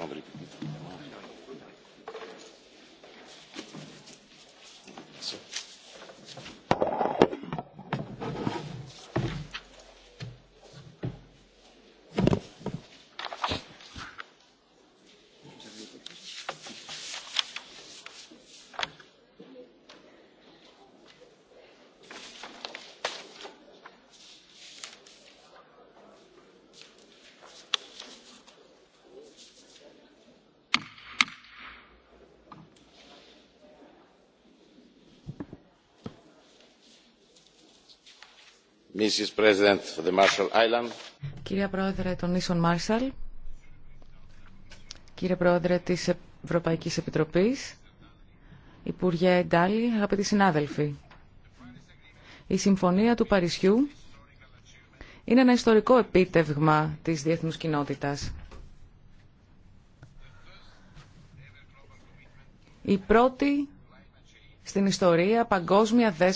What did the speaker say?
André. Κύριε Κυρία Πρόεδρε των Ίσων Μάρσαλ, κύριε Πρόεδρε της Ευρωπαϊκής Επιτροπής, Υπουργέ Ντάλι, αγαπητοί συνάδελφοι. Η Συμφωνία του Παρισιού είναι ένα ιστορικό επίτευγμα της διεθνούς κοινότητας. Η πρώτη στην ιστορία παγκόσμια δέσμευση